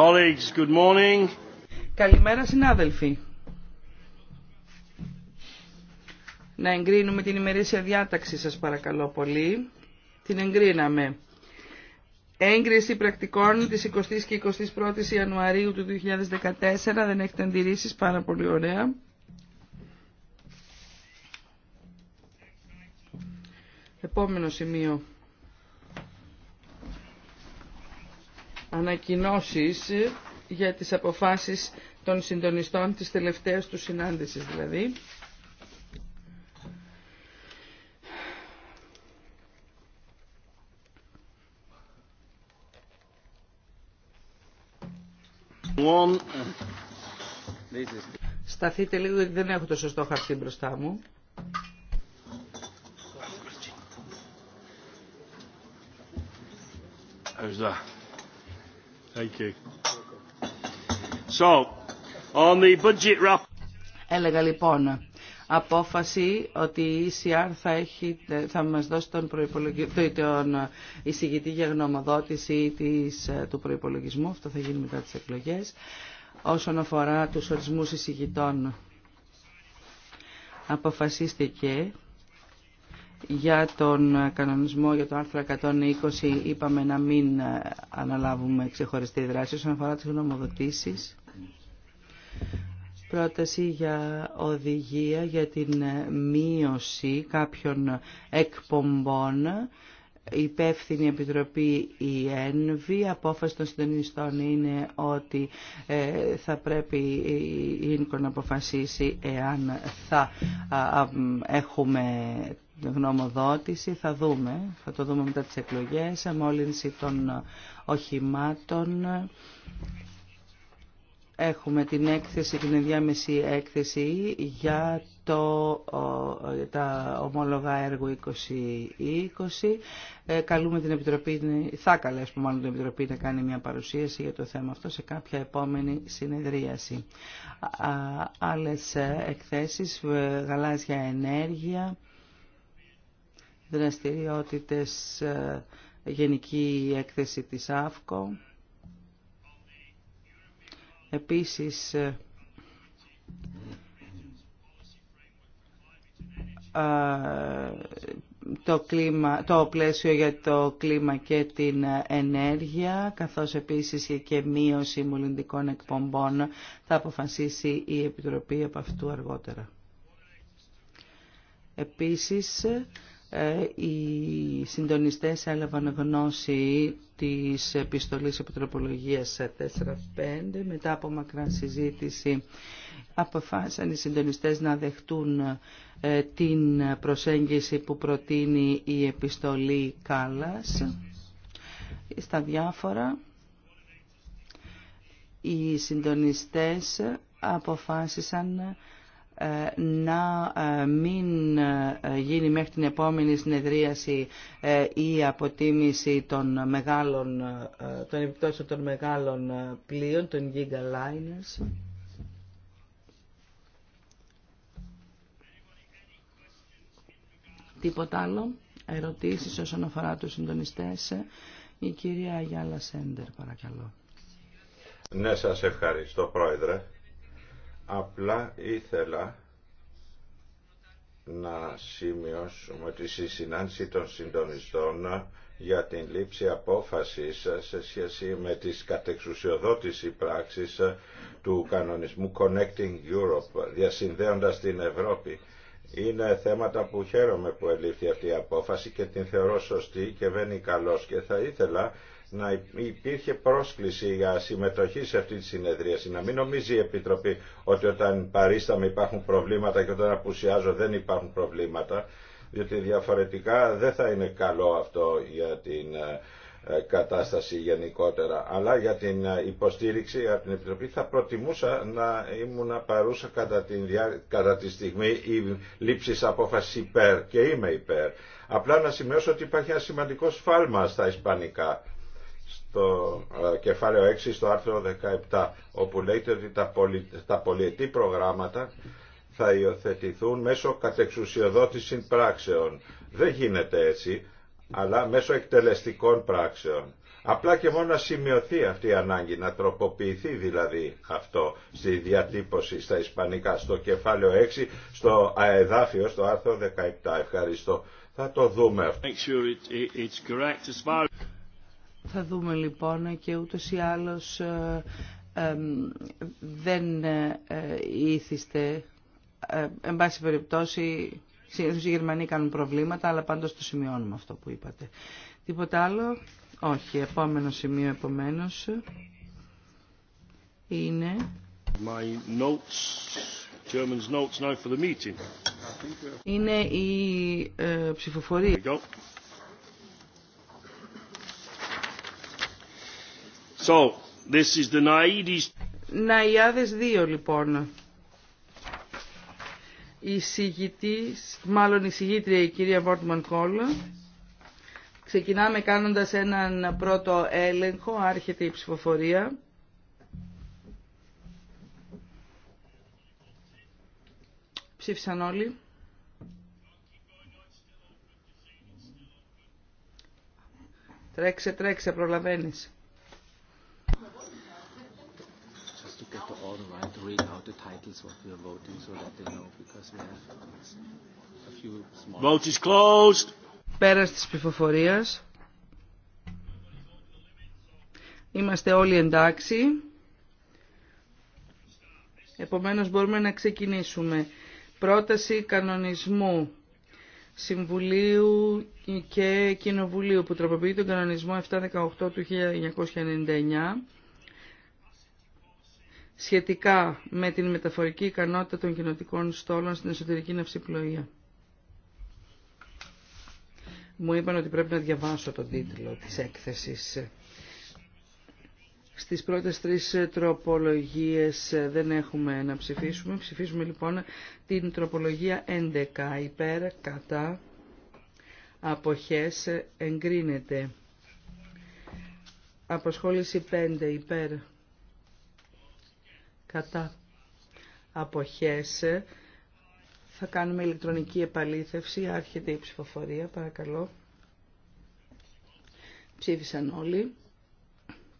Colleagues, good morning. Καλημέρα συνάδελφοι. Να εγκρίνουμε την ημερήσια διάταξη σας παρακαλώ πολύ. Την εγκρίναμε. Έγκριση πρακτικών της 20ης και 21ης Ιανουαρίου του 2014. Δεν έχετε αντιρρήσεις. Πάρα πολύ ωραία. Επόμενο σημείο. ανακοινώσεις για τις αποφάσεις των συντονιστών της τελευταίας του συνάντησης δηλαδή. Σταθείτε λίγο γιατί δεν έχω το σωστό χαρτί μπροστά μου. Ευχαριστώ λοιπόν απόφαση ότι η ECR θα, έχει, θα μας δώσει τον, τον εισηγητή για γνωμοδότηση της, του προϋπολογισμού. Αυτό θα γίνει μετά τις εκλογές. Όσον αφορά τους ορισμούς εισηγητών αποφασίστηκε για τον κανονισμό για το άρθρο 120 είπαμε να μην ε, αναλάβουμε ξεχωριστή δράση όσον αφορά τις γνωμοδοτήσεις. Πρόταση για οδηγία για την ε, μείωση κάποιων εκπομπών υπεύθυνη επιτροπή η ΕΝΒΗ. Απόφαση των συντονιστών είναι ότι ε, θα πρέπει η ΕΝΚΟ να αποφασίσει εάν θα έχουμε γνωμοδότηση θα δούμε, θα το δούμε μετά τις εκλογές, αμόλυνση των οχημάτων. Έχουμε την έκθεση, την ενδιάμεση έκθεση για το, τα ομόλογα έργου 2020. Ε, καλούμε την Επιτροπή, θα καλέσουμε μάλλον την Επιτροπή να κάνει μια παρουσίαση για το θέμα αυτό σε κάποια επόμενη συνεδρίαση. άλλες ε, εκθέσεις, ε, γαλάζια ενέργεια, δραστηριότητες ε, γενική έκθεση της ΑΦΚΟ. Επίσης, ε, ε, το, κλίμα, το πλαίσιο για το κλίμα και την ενέργεια, καθώς επίσης και μείωση μολυντικών εκπομπών, θα αποφασίσει η Επιτροπή από αυτού αργότερα. Επίσης, ε, οι συντονιστές έλαβαν γνώση της επιστολής επιτροπολογίας 4-5 μετά από μακρά συζήτηση αποφάσισαν οι συντονιστές να δεχτούν ε, την προσέγγιση που προτείνει η επιστολή Κάλλας στα διάφορα οι συντονιστές αποφάσισαν να ε, μην ε, γίνει μέχρι την επόμενη συνεδρίαση ε, η αποτίμηση των, μεγάλων, των επιπτώσεων των μεγάλων πλοίων, των Giga Liners. Τίποτα άλλο. Ερωτήσεις όσον αφορά τους συντονιστές. Η κυρία Γιάλα Σέντερ, παρακαλώ. Ναι, σας ευχαριστώ, Πρόεδρε. Απλά ήθελα να σημειώσουμε ότι στη συνάντηση των συντονιστών για την λήψη απόφασης σε σχέση με τις κατεξουσιοδότηση πράξεις του κανονισμού Connecting Europe, διασυνδέοντας την Ευρώπη. Είναι θέματα που χαίρομαι που ελήφθη αυτή η απόφαση και την θεωρώ σωστή και βαίνει καλός και θα ήθελα να υπήρχε πρόσκληση για συμμετοχή σε αυτή τη συνεδρίαση. Να μην νομίζει η Επιτροπή ότι όταν παρίσταμε υπάρχουν προβλήματα και όταν απουσιάζω δεν υπάρχουν προβλήματα, διότι διαφορετικά δεν θα είναι καλό αυτό για την ε, ε, κατάσταση γενικότερα. Αλλά για την ε, υποστήριξη από την Επιτροπή θα προτιμούσα να ήμουν παρούσα κατά, την, κατά τη στιγμή η λήψη απόφαση υπέρ και είμαι υπέρ. Απλά να σημειώσω ότι υπάρχει ένα σημαντικό σφάλμα στα ισπανικά στο ε, κεφάλαιο 6 στο άρθρο 17 όπου λέγεται ότι τα, πολι... τα πολιετή προγράμματα θα υιοθετηθούν μέσω κατεξουσιοδότηση πράξεων. Δεν γίνεται έτσι, αλλά μέσω εκτελεστικών πράξεων. Απλά και μόνο να σημειωθεί αυτή η ανάγκη, να τροποποιηθεί δηλαδή αυτό στη διατύπωση στα ισπανικά, στο κεφάλαιο 6, στο αεδάφιο, ε, στο άρθρο 17. Ευχαριστώ. Θα το δούμε αυτό. Θα δούμε λοιπόν και ούτως ή άλλως ε, δεν ε, ήθιστε, ε, εν πάση περιπτώσει, συνήθως οι Γερμανοί κάνουν προβλήματα, αλλά πάντως το σημειώνουμε αυτό που είπατε. Τίποτα άλλο, όχι, επόμενο σημείο επομένως είναι... My notes. German's notes now for the meeting. Είναι η ψηφοφορία. So, this is the Ναϊάδες 2 λοιπόν. Η συγητή, μάλλον η συγήτρια η κυρία Βόρτμαν Κόλ, Ξεκινάμε κάνοντας έναν πρώτο έλεγχο, άρχεται η ψηφοφορία. Ψήφισαν όλοι. Τρέξε, τρέξε, προλαβαίνεις. all the right read the titles what we are voting so that they know because we have a few small... Vote closed. Πέρας της ψηφοφορίας. Είμαστε όλοι εντάξει. Επομένως μπορούμε να ξεκινήσουμε. Πρόταση κανονισμού Συμβουλίου και Κοινοβουλίου που τροποποιεί τον κανονισμό 718 του 1999 σχετικά με την μεταφορική ικανότητα των κοινοτικών στόλων στην εσωτερική ναυσιπλοεία. Μου είπαν ότι πρέπει να διαβάσω τον τίτλο της έκθεσης. Στις πρώτες τρεις τροπολογίες δεν έχουμε να ψηφίσουμε. Ψηφίζουμε λοιπόν την τροπολογία 11 υπέρ κατά αποχές εγκρίνεται. Αποσχόληση 5 υπέρ κατά αποχέσε Θα κάνουμε ηλεκτρονική επαλήθευση. Άρχεται η ψηφοφορία, παρακαλώ. Ψήφισαν όλοι.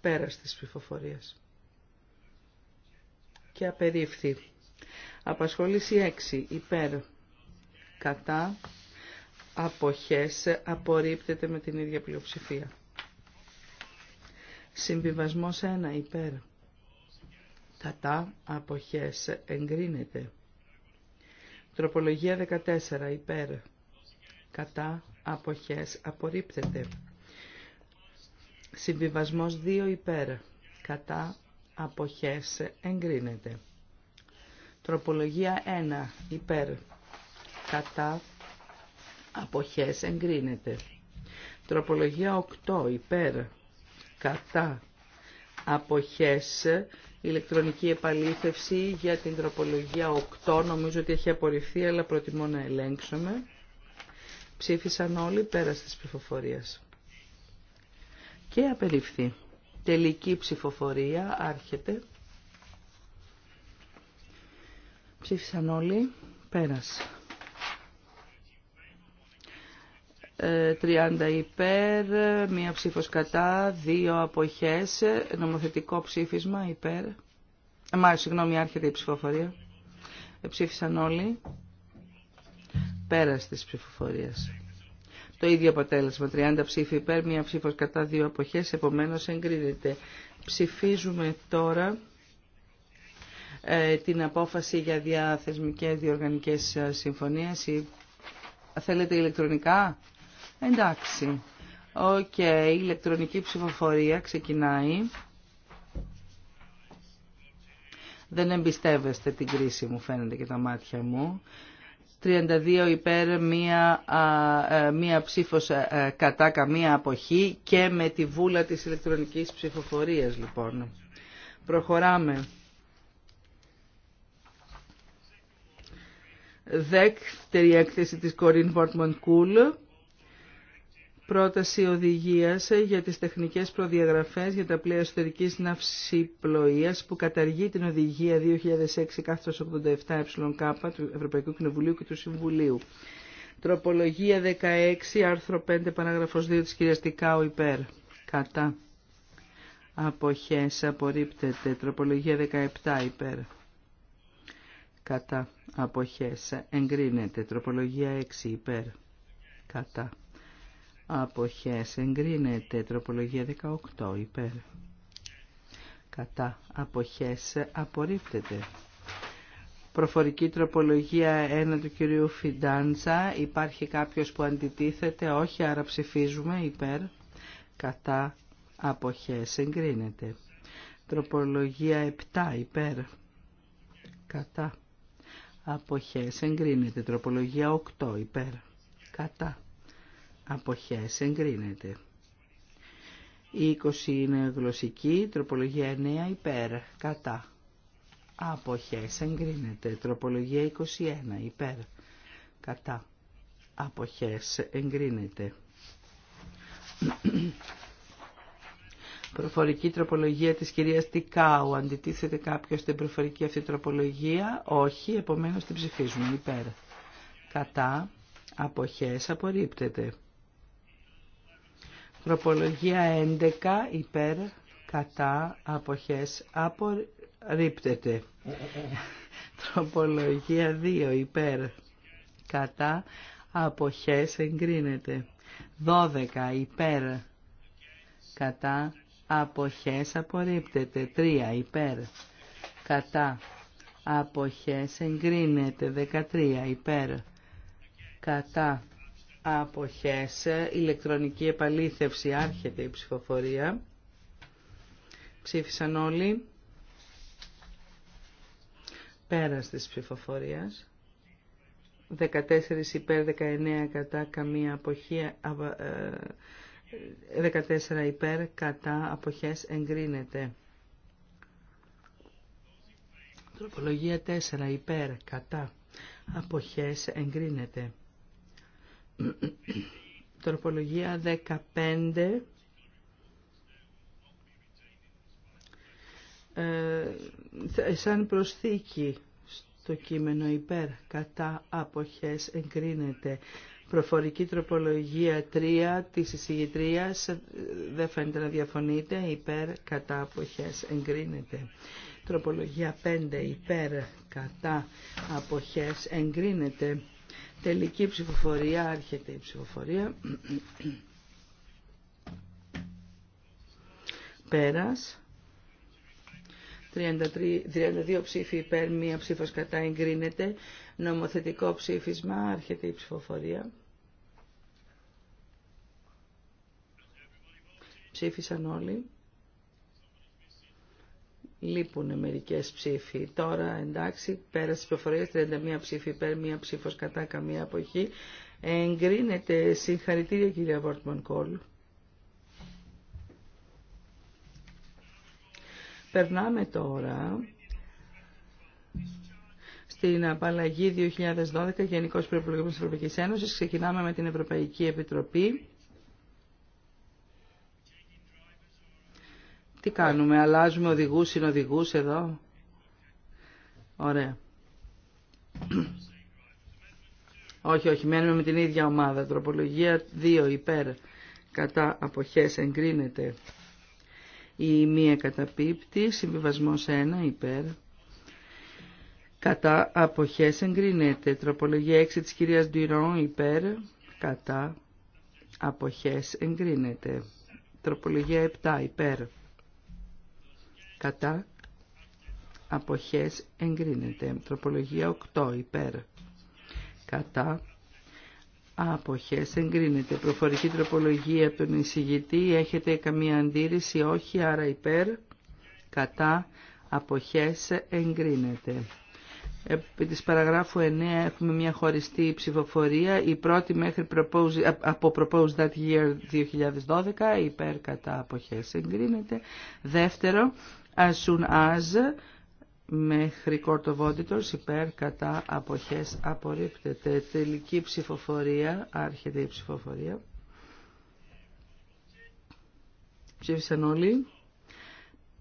Πέρας τη ψηφοφορία. Και απερίφθη. Απασχόληση 6. Υπέρ. Κατά. αποχέσε Απορρίπτεται με την ίδια πλειοψηφία. Συμβιβασμός 1. Υπέρ κατά αποχές εγκρίνεται. Τροπολογία 14 υπέρ κατά αποχές απορρίπτεται. Συμβιβασμός 2 υπέρ κατά αποχές εγκρίνεται. Τροπολογία 1 υπέρ κατά αποχές εγκρίνεται. Τροπολογία 8 υπέρ κατά αποχές ηλεκτρονική επαλήθευση για την τροπολογία 8. Νομίζω ότι έχει απορριφθεί, αλλά προτιμώ να ελέγξουμε. Ψήφισαν όλοι πέρα τη ψηφοφορία. Και απερίφθη. Τελική ψηφοφορία άρχεται. Ψήφισαν όλοι. Πέρας. 30 ε, υπέρ, μία ψήφος κατά, δύο αποχές, νομοθετικό ψήφισμα υπέρ. Ε, συγγνώμη, άρχεται η ψηφοφορία. Ε, ψήφισαν όλοι. Πέρας της ψηφοφορίας. Το ίδιο αποτέλεσμα, 30 ψήφοι υπέρ, μία ψήφος κατά, δύο αποχές, επομένως εγκρίνεται. Ψηφίζουμε τώρα ε, την απόφαση για διαθεσμικές διοργανικές ε, συμφωνίες. Θέλετε ηλεκτρονικά. Εντάξει. Οκ, η ηλεκτρονική ψηφοφορία ξεκινάει. Δεν εμπιστεύεστε την κρίση μου φαίνεται και τα μάτια μου. 32 υπέρ, μία, ε, μία ψήφος ε, ε, κατά καμία αποχή και με τη βούλα της ηλεκτρονικής ψηφοφορίας λοιπόν. Προχωράμε. Δέκτερη έκθεση της Κορίν Cool πρόταση οδηγίας ε, για τις τεχνικές προδιαγραφές για τα πλοία εσωτερικής ναυσιπλοείας που καταργεί την οδηγία 2006-87-ΕΚ ε, του Ευρωπαϊκού Κοινοβουλίου και του Συμβουλίου. Τροπολογία 16, άρθρο 5, παράγραφος 2 της κυρίας Τικάου υπέρ. Κατά. Αποχές απορρίπτεται. Τροπολογία 17 υπέρ. Κατά. Αποχές εγκρίνεται. Τροπολογία 6 υπέρ. Κατά αποχές εγκρίνεται τροπολογία 18 υπέρ κατά αποχές απορρίπτεται προφορική τροπολογία 1 του κυρίου Φιντάντσα υπάρχει κάποιος που αντιτίθεται όχι άρα ψηφίζουμε υπέρ κατά αποχές εγκρίνεται τροπολογία 7 υπέρ κατά αποχές εγκρίνεται τροπολογία 8 υπέρ κατά αποχές εγκρίνεται. Η 20 είναι γλωσσική, τροπολογία 9 υπέρ, κατά. Αποχές εγκρίνεται. Τροπολογία 21 υπέρ, κατά. Αποχές εγκρίνεται. Προφορική τροπολογία της κυρίας Τικάου. Αντιτίθεται κάποιος στην προφορική αυτή τροπολογία. Όχι, επομένως την ψηφίζουμε υπέρ. Κατά. Αποχές απορρίπτεται. Τροπολογία 11 υπέρ κατά αποχές απορρίπτεται. Τροπολογία 2 υπέρ κατά αποχές εγκρίνεται. 12 υπέρ κατά αποχές απορρίπτεται. 3 υπέρ κατά αποχές εγκρίνεται. 13 υπέρ κατά αποχές, ηλεκτρονική επαλήθευση, άρχεται η ψηφοφορία. Ψήφισαν όλοι. Πέρας της ψηφοφορίας. 14 υπέρ, 19 κατά, καμία αποχή, 14 ε, υπέρ, κατά, αποχές, εγκρίνεται. Τροπολογία 4 υπέρ, κατά, αποχές, εγκρίνεται. Τροπολογία 15. Ε, σαν προσθήκη στο κείμενο υπέρ κατά αποχές εγκρίνεται προφορική τροπολογία 3 της εισηγητρίας ε, δεν φαίνεται να διαφωνείτε υπέρ κατά αποχές εγκρίνεται τροπολογία 5 υπέρ κατά αποχές εγκρίνεται Τελική ψηφοφορία, άρχεται η ψηφοφορία. Πέρας. 32 ψήφοι υπέρ, μία ψήφος κατά εγκρίνεται. Νομοθετικό ψήφισμα, άρχεται η ψηφοφορία. Ψήφισαν όλοι. Λείπουν μερικέ ψήφοι. Τώρα εντάξει, πέρασε τι προφορίε, 31 ψήφοι υπέρ, μία ψήφο κατά καμία αποχή. Εγκρίνεται. Συγχαρητήρια κυρία Βόρτμαν Κόλ. Περνάμε τώρα στην απαλλαγή 2012 Γενικός Προϋπολογισμός τη Ευρωπαϊκής Ένωσης. Ξεκινάμε με την Ευρωπαϊκή Επιτροπή. Τι κάνουμε, αλλάζουμε οδηγούς, συνοδηγούς εδώ. Ωραία. όχι, όχι, μένουμε με την ίδια ομάδα. Τροπολογία 2 υπέρ κατά αποχές εγκρίνεται. Η μία καταπίπτει, συμβιβασμός 1 υπέρ. Κατά αποχές εγκρίνεται. Τροπολογία 6 της κυρίας Ντουιρόν, υπέρ. Κατά αποχές εγκρίνεται. Τροπολογία 7 υπέρ κατά αποχές εγκρίνεται. Τροπολογία 8 υπέρ κατά αποχές εγκρίνεται. Προφορική τροπολογία από τον εισηγητή έχετε καμία αντίρρηση όχι άρα υπέρ κατά αποχές εγκρίνεται. Επί της παραγράφου 9 έχουμε μια χωριστή ψηφοφορία, η πρώτη μέχρι από Proposed That Year 2012, υπέρ κατά αποχές εγκρίνεται. Δεύτερο, as soon as μέχρι κορτοβόντιτος υπέρ κατά αποχές απορρίπτεται. Τελική ψηφοφορία, άρχεται η ψηφοφορία. Ψήφισαν όλοι.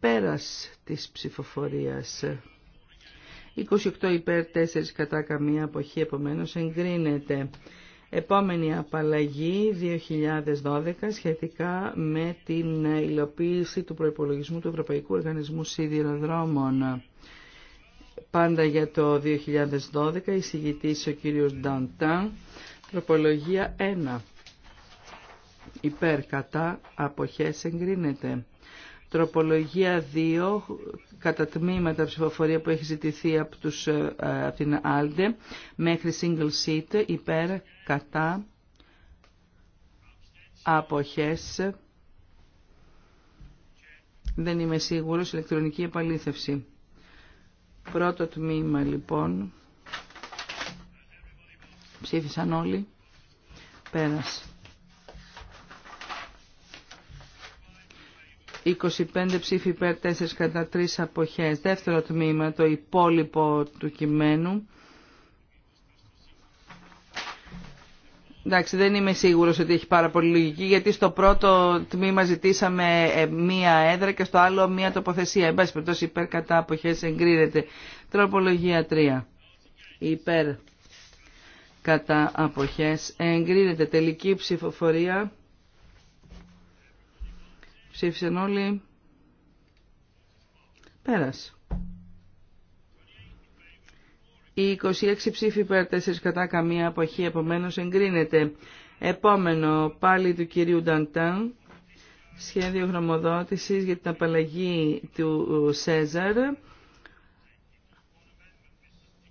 Πέρας της ψηφοφορίας. 28 υπέρ, 4 κατά καμία αποχή, επομένως εγκρίνεται. Επόμενη απαλλαγή 2012 σχετικά με την υλοποίηση του προϋπολογισμού του Ευρωπαϊκού Οργανισμού Σιδηροδρόμων. Πάντα για το 2012 εισηγητής ο κύριος Νταντάν, τροπολογία 1. Υπέρ κατά αποχές εγκρίνεται. Τροπολογία 2, κατά τμήματα ψηφοφορία που έχει ζητηθεί από, τους, ε, την Άλντε, μέχρι single seat, υπέρ, κατά, αποχές. Δεν είμαι σίγουρος, ηλεκτρονική επαλήθευση. Πρώτο τμήμα λοιπόν. Ψήφισαν όλοι. Πέρασε. 25 ψήφοι υπέρ 4 κατά 3 αποχές. Δεύτερο τμήμα, το υπόλοιπο του κειμένου. Εντάξει, δεν είμαι σίγουρος ότι έχει πάρα πολύ λογική, γιατί στο πρώτο τμήμα ζητήσαμε ε, μία έδρα και στο άλλο μία τοποθεσία. Εν πάση περιπτώσει, υπέρ κατά αποχές εγκρίνεται. Τροπολογία 3. Υπέρ κατά αποχές εγκρίνεται. Τελική ψηφοφορία. Ψήφισαν όλοι. Πέρας. Οι 26 ψήφοι υπέρ 4 κατά καμία αποχή επομένως εγκρίνεται. Επόμενο πάλι του κυρίου Νταντάν, σχέδιο γνωμοδότηση για την απαλλαγή του Σέζαρ.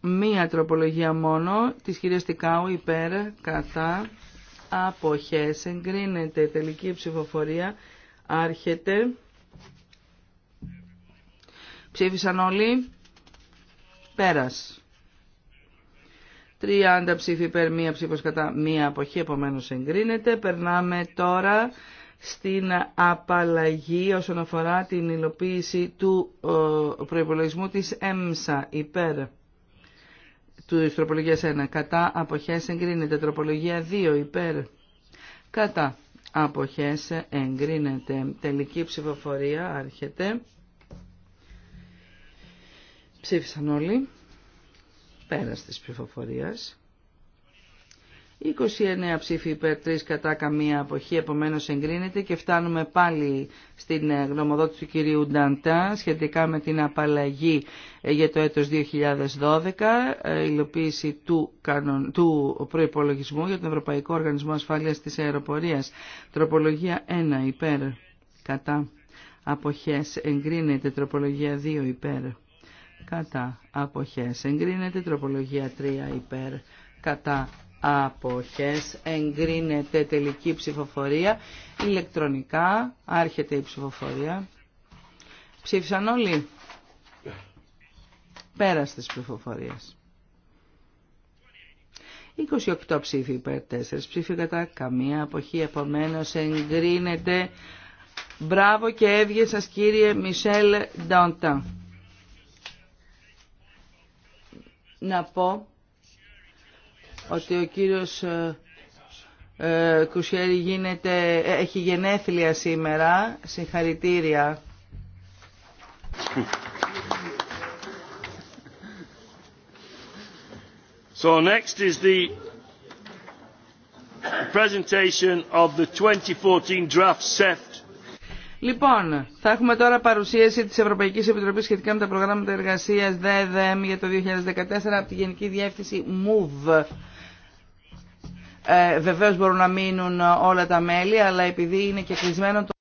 Μία τροπολογία μόνο, της κυρία Τικάου υπέρ κατά αποχές εγκρίνεται τελική ψηφοφορία Άρχεται. Ψήφισαν όλοι. Πέρας. 30 ψήφοι υπέρ, μία ψήφος κατά, μία αποχή, επομένως εγκρίνεται. Περνάμε τώρα στην απαλλαγή όσον αφορά την υλοποίηση του ε, προϋπολογισμού της ΕΜΣΑ υπέρ του τροπολογίας 1. Κατά αποχές εγκρίνεται τροπολογία 2 υπέρ. Κατά Αποχέσε, εγκρίνεται. Τελική ψηφοφορία άρχεται. Ψήφισαν όλοι. Πέρας της ψηφοφορίας. 29 ψήφοι υπέρ 3 κατά καμία αποχή, επομένως εγκρίνεται και φτάνουμε πάλι στην ε, γνωμοδότηση του κυρίου Νταντά σχετικά με την απαλλαγή ε, για το έτος 2012, ε, υλοποίηση του, κανον, του προϋπολογισμού για τον Ευρωπαϊκό Οργανισμό Ασφάλειας της Αεροπορίας. Τροπολογία 1 υπέρ κατά αποχές εγκρίνεται, τροπολογία 2 υπέρ κατά αποχές εγκρίνεται, τροπολογία 3 υπέρ κατά αποχές εγκρίνεται τελική ψηφοφορία ηλεκτρονικά άρχεται η ψηφοφορία ψήφισαν όλοι της ψηφοφορίας 28 ψήφοι υπέρ 4 ψήφι κατά καμία αποχή επομένως εγκρίνεται μπράβο και έβγε σας κύριε Μισελ Ντόντα να πω ότι ο κύριος ε, ε, Κουσιέρη γίνεται, ε, έχει γενέθλια σήμερα. Συγχαρητήρια. So next is the presentation of the 2014 draft Λοιπόν, θα έχουμε τώρα παρουσίαση της Ευρωπαϊκής Επιτροπής σχετικά με τα προγράμματα εργασίας ΔΕΔΕΜ για το 2014 από τη Γενική Διεύθυνση MOVE. Ε, βεβαίως μπορούν να μείνουν όλα τα μέλη, αλλά επειδή είναι και κλεισμένο το...